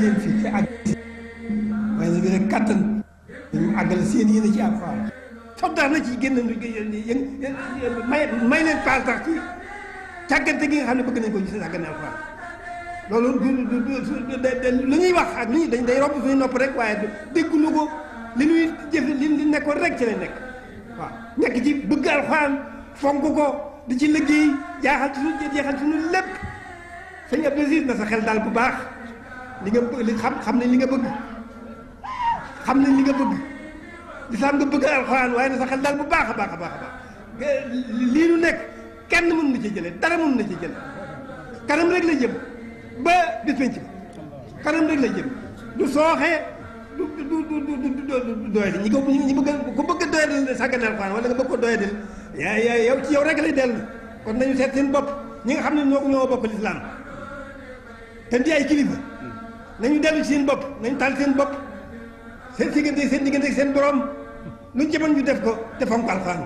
leen fi ci àgg waaye na gën a kàttan dañu àggale seen yéene ci alxuraan sax tax na ci génn yëng may may leen paas tax ci càggante gi nga xam ne bëgg nañ ko ci sàggane alxuraan loolu lu ñuy wax ak lu ñuy dañ day romb suñu nopp rek waaye déggulu ko li ñuy jëf li li nekkoon rek ci la nekk waaw nekk ci bëgg alxuraan fonk ko di ci liggéey jaaxal suñu jeexal suñu lépp sëñ Abdou Aziz na sa xel daal bu baax li nga li xam xam nañ li nga bëgg xam nañ li nga bëgg lislaam nga bëgg alxuraan waaye na sa xel daal bu baax a baax a baax a baax lii nu nekk kenn mënu na ci jëlee dara mënu na ci jële kanam rek la jëm ba bis penc ba kanam rek la jëm du sooxe du du du du du du doyadi ñi ko ñi bëgg ko bëgg a doyadal sàggane alxuraan wala nga bëgg ko doyadal yaa yaa yow ci yow rek lay dellu kon nañu seet seen bopp ñi nga xam ne ñoo ko ñoo bokk lislaam te di ay kilifa nañu dellu ci seen bopp nañu taal seen bopp seen diggante seen diggante seen borom luñ ci mën ñu def ko te fonk alxuraan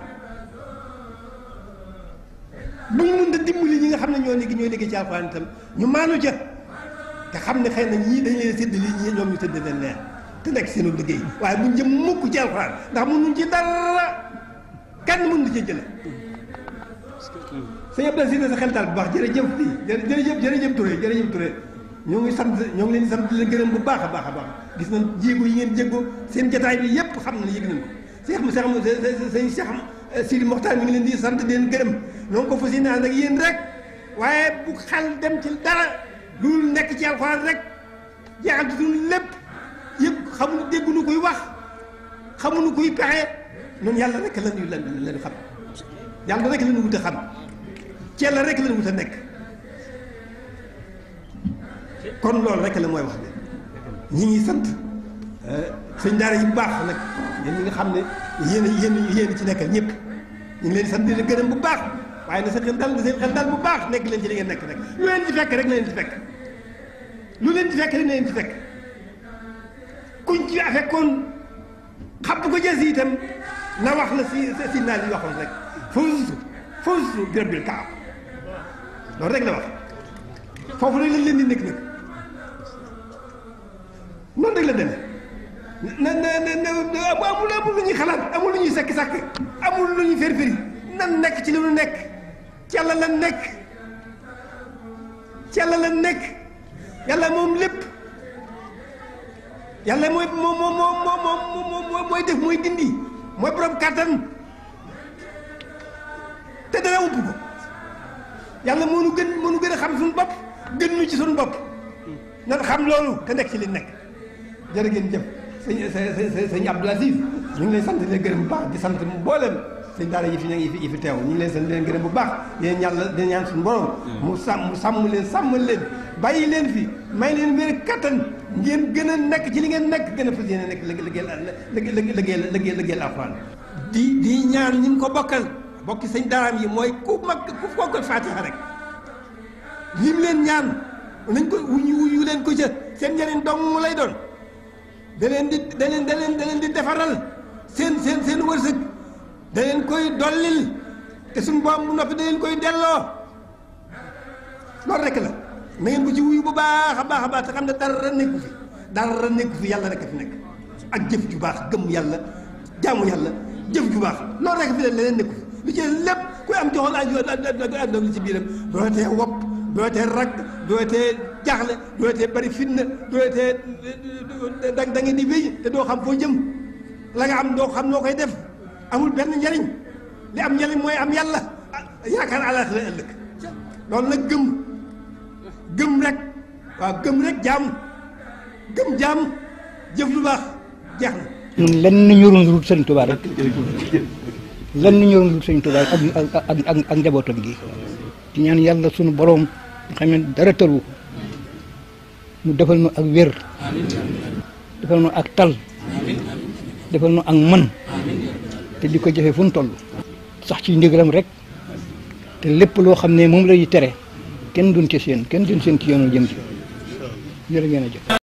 bu ñu mënta dimbali ñi nga xam ne ñoo liggéey ñooy liggéey ci alxuraan itam ñu maanu ca te xam ne xëy na ñii dañ leen sédd lii ñii ñoom ñu tëdd leen leer te nekk seenu liggéey waaye buñ jëm mukk ci alxuraan ndax mënuñ ci dara kenn mënu ci jële sëñ Abdou Aziz na sa xel daal bu baax jërëjëf jërëjëf jërëjëf Touré jërëjëf Touré ñoo ngi sant ñoo ngi leen di sant di leen gërëm bu baax a baax a baax gis nañ jéego yi ngeen jéego seen jataay bi yépp xam na yëg nañ ko Cheikh mu Cheikh mu sëñ Cheikh Sidi Mokhtar mi ngi leen di sant di gërëm ñoo ko fas yéene yéen rek waaye bu xel dem ci dara loolu nekk ci alxuraan rek jeexal ci suñu lépp yëpp xamuñu dégguñu kuy wax xamuñu kuy pexe ñun yàlla rek lañu lañu xam yàlla rek lañu wut a xam ci yàlla rek lañu wut a nekk kon loolu rek la mooy wax bi ñi ngi sant euh, sëñ daara yi baax nag yéen ñi nga xam ne yéen yéen yéen ci nekkal ñëpp ñu leen sant di leen gërëm bu waaye na seen xel dal seen xel dal bu baax nekk leen ci li ngeen nekk nag lu leen ci fekk rek na leen ci fekk lu leen di fekk rek na leen ci fekk kuñ ci affekkoon xapp ko jës itam na wax la si si naa li waxoon rek fausse fausse birab bil kaab loolu rek la wax foofu rek lañ leen di nekk nag rek la demee na na na amul amul lu ñuy xalaat amul lu ñuy sakk sakk amul lu ñuy firfiri nan nekk ci li nu nekk ci yàlla lan nekk ci yàlla lan nekk yàlla moom lépp yàlla mooy moom moom moom moom mooy def mooy dindi mooy borom kàttan te dara wupp ko yàlla moo nu gën moo nu gën a xam suñu bopp gën ñu ci suñu bopp nan xam loolu te nekk ci li nekk. jërë ngeen jëf sëñ sëñ sëñ Abdoul Aziz ñu ngi lay sant leen gërëm bu baax di sant mboolem sëñ daara yi fi ñu ngi fi teew ñu ngi lay sant leen gërëm bu baax yéen yàlla dina ñaan suñu borom mm. mu sàmm mu sàmm leen sàmm leen bàyyi leen fi may leen wér kattan ngeen gën a nekk ci li ngeen nekk gën a fas yéene nekk liggéeyal liggéeyal liggéeyal alxuraan di di ñaan ñu ngi ko bokkal bokki sëñ daaraam yi mooy ku mag ku fokkal fatiha rek lim leen ñaan nañ ko wuñu wuyu leen ko ca seen njëriñ dong mu lay doon da di da da leen da di defaral seen seen seen wërsëg da leen koy dollil te suñu boom bu noppi daleen koy delloo loolu rek la na ngeen ko ci wuyu bu baax a baax a baax te xam ne dara nekku fi dara nekku fi yàlla rek a fi nekk ak jëf ju baax gëm yàlla jaamu yàlla jëf ju baax lool rek fi leen leneen nekku fi lu ci lépp kuy am joxoon a adduna li ci biiram loolu tee wopp dootee rag dootee jaaxle dootee bari fitna dootee da eh, da ngeen di wéy te doo xam foo jëm la nga am doo xam noo koy def amul benn njariñ li am njariñ mooy am yàlla ah, yaakaar àllaaxira ëllëg loolu nag gëm gëm rek gëm rek jaam gëm jaam jëf lu baax jeex na. ñun lenn ñorul lu dul sëñ Tuubaa rek lenn ñorul lu dul sëñ Tuubaa ak ak ak ak njabootam yàlla sunu borom nga xam ne dara tëru mu defal nu ak wér defal nu ak tal defal nu ak man te di ko jëfe fu nu toll sax ci ndigalam rek te lépp loo xam ne moom lay tere kenn duñ ci seen kenn duñ seen ci yoonu jëm ci jërë ngeen a jëf